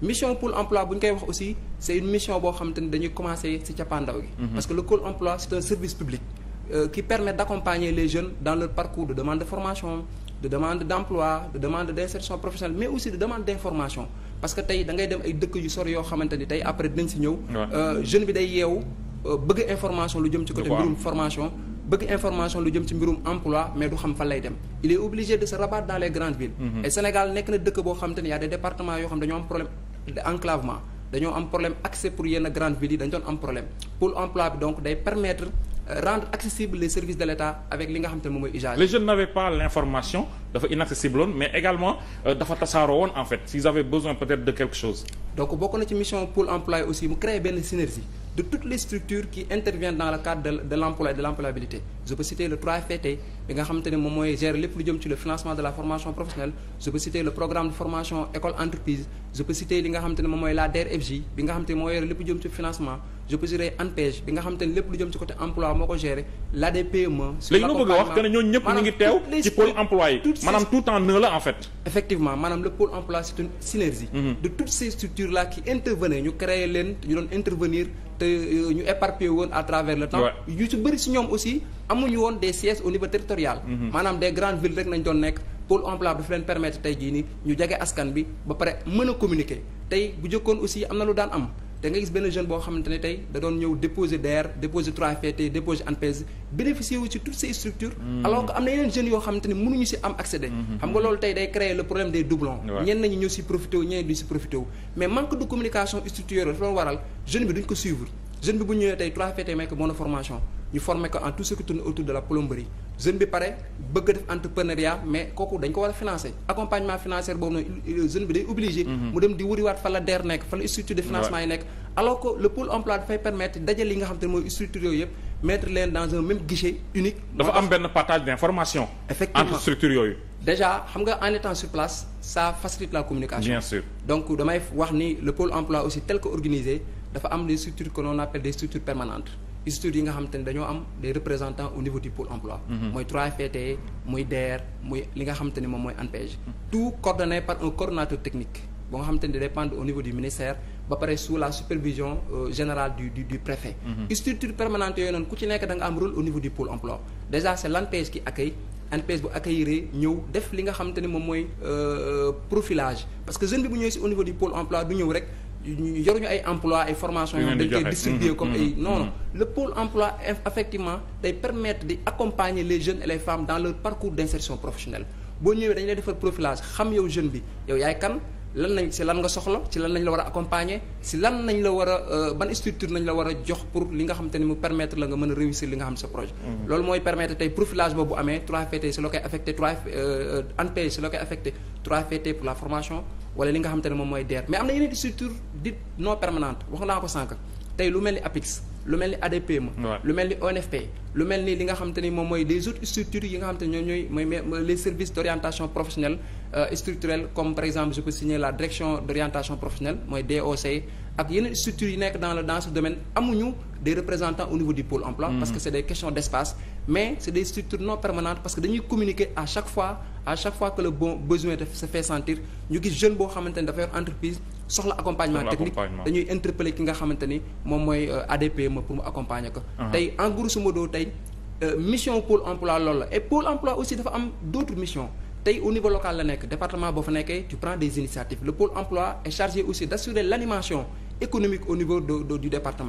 mission pôle emploi bu ñu koy wax aussi c' une mission boo xamante ni dañuy commencer ci cappaandaw gi. Mhm. parce que le pôle emploi c' un service public. Euh, permet d' accompagner les jeunes dans leur parcours de demande de formation de demande d' emploi de demande d' insertion professionnelle mais aussi de demande d' information parce que tey da dem ay dëkk yu sori yoo xamante tey après dinañ si ñëw. Euh, jeune bi day yeewu euh, bëgg information lu jëm ci côté mbirum formation. bëgg information lu jëm ci mbirum emploi mais de enclavement dañoo am problème accès pour yenn grande ville yi dañ doon am problème pôle emploi bi donc day permettre euh, rendre accessible les services de l'État avec li nga xam te ne moom mooy usage. les jeunes n'avaient pas l'information dafa inaccessible woon mais également euh, dafa tasaaroo woon en fait s'ils avaient besoin peut de quelque chose. donc bokk na ci mission pôle emploi aussi mu créer benn synergie. de toutes les structures qui interviennent dans le cadre de l'emploi de l'employabilité je peux citer le 3FPT bi nga xamante ne moom mooy gérer lépp lu jëm ci le financement de la formation professionnelle je peux citer programme de formation école entreprise je peux li nga xamante ne moom mooy la DER/FJ bi nga xamante ne moo yore lépp lu jëm ci financement je peux citer ANPEJ bi nga xamante ne lépp lu jëm ci côté emploi moo ko gérer la de toutes te euh, ñu éparpillé woon à travers le temps yu ci bëri si ñoom aussi amuñu woon des sièges au niveau territorial mhm. maanaam des grande villes rek nañ doon nekk pôle emploi dafa leen permettre tey jii ni ñu jege askan bi ba pare mën a communiquer tey bu jëkkoon aussi am na lu daan am da nga gis benn jeune boo xamante ne tey da doon ñëw déposer DER déposer 3FPT déposer ANPEJ bénéficier wu ci toutes ces structures. Mm. alors que am na yeneen jeunes yoo xamante ne mënuñu si am accéder. Mm-hmm. xam nga loolu tey day créer le problème des doublons. ñenn ñi ñëw si profité wu ñeneen duñ si profité wu. mais manque de communication structurelle dafa doon waral jeune bi duñ ko suivre jeune bi bu ñëwee tey 3FPT may ko bonne formation ñu jeune bi pare bëgg def entrepreneuriat mais kooku dañ ko war a financer accompagnement financier boobu noonu jeune bi day obligé. Mhm. mu dem di wuriwaat fa la DER nekk fa la structure de financement yi nekk. alors que le pôle emploi dafay permettre dajale nga xam te ne mooy structure yooyu yëpp mettre leen dans un même guichet unique. dafa am benn partage d'information. effectivement entre structure yooyu. déjà xam nga en étant sur place ça facilite la communication. bien sûr damay wax ni le pôle emploi aussi tel que organisé dafa am des structures que l'on instituts yi nga xam te ne dañoo am des représentants au niveau du pôle emploi mooy mhm. 3FPT muy DER muy li nga xam te ne moom mooy ANPEJ tout coordonné par un coordonnateur technique boo nga xam te ne dépend au niveau du ministère ba pare sous la supervision euh, générale du du du préfet mm -hmm. yooyu noonu ku ci nekk da nga am rôle au niveau du pôle emploi déjà c'est l'ANPEJ qui accueille ANPEJ bu accueillir ñëw def li nga xam te ne moom mooy euh, profilage parce que jeune bi bu ñëw rek yoruñu ay emploi ay formation yoo dañ koy distribuer mm-hmm. comme ay mm-hmm. non non mm-hmm. emploi effectivement day permettre di accompagner les jeunes et les femmes dans leur parcours d'insertion professionnelle boo ñëwee dañu lay defar profilage xam yow jeune bi yow yaay kan lan nañ si lan nga soxla ci lan lañ la war a accompagner si lan nañ la war a euh, ban structure nañ la war a jox pour li nga xam te ne mu permettre la nga mën a réussir li nga xam sa projet. Mm-hmm. loolu mooy permettre tey profilage boobu amee 3FPT si la koy affecté 3 ANPEJ euh, si la koy affecté 3FPT pour la formation wala li nga xam te ne moom mooy DER mais am na yeneen structure dites non permanente wax naa ko sànq. tey lu mel ni APIX lu mel ni ADPME lu mel ni ONFP lu mel ni li nga xam te ni moom mooy des autres structures yi nga xam te ni ñooy mooy les services d'orientation professionnelle euh, structurelle comme par exemple je peux signer la direction d'orientation professionnelle mooy DOC ak yeneen structures yi nekk dans le dans ce domaine amuñu des représentants au niveau du pôle emploi parce que mm-hmm. c'est des questions d'espace mais c'est des structures non permanentes parce boo xamante ni dafa yor soxla accompagnement technique dañuy interpeller ki nga xamante ni moom mooy euh, ADPME pour mu accompagner ko uh-huh. tey en grosso modo tey euh, mission pôle emploi loolu la et emploi aussi dafa am d'autres missions tey au niveau local la nekk département boo fa nekkee tu prends des initiatives le pôle emploi est chargé aussi d'assurer l'animation économique au niveau de, du département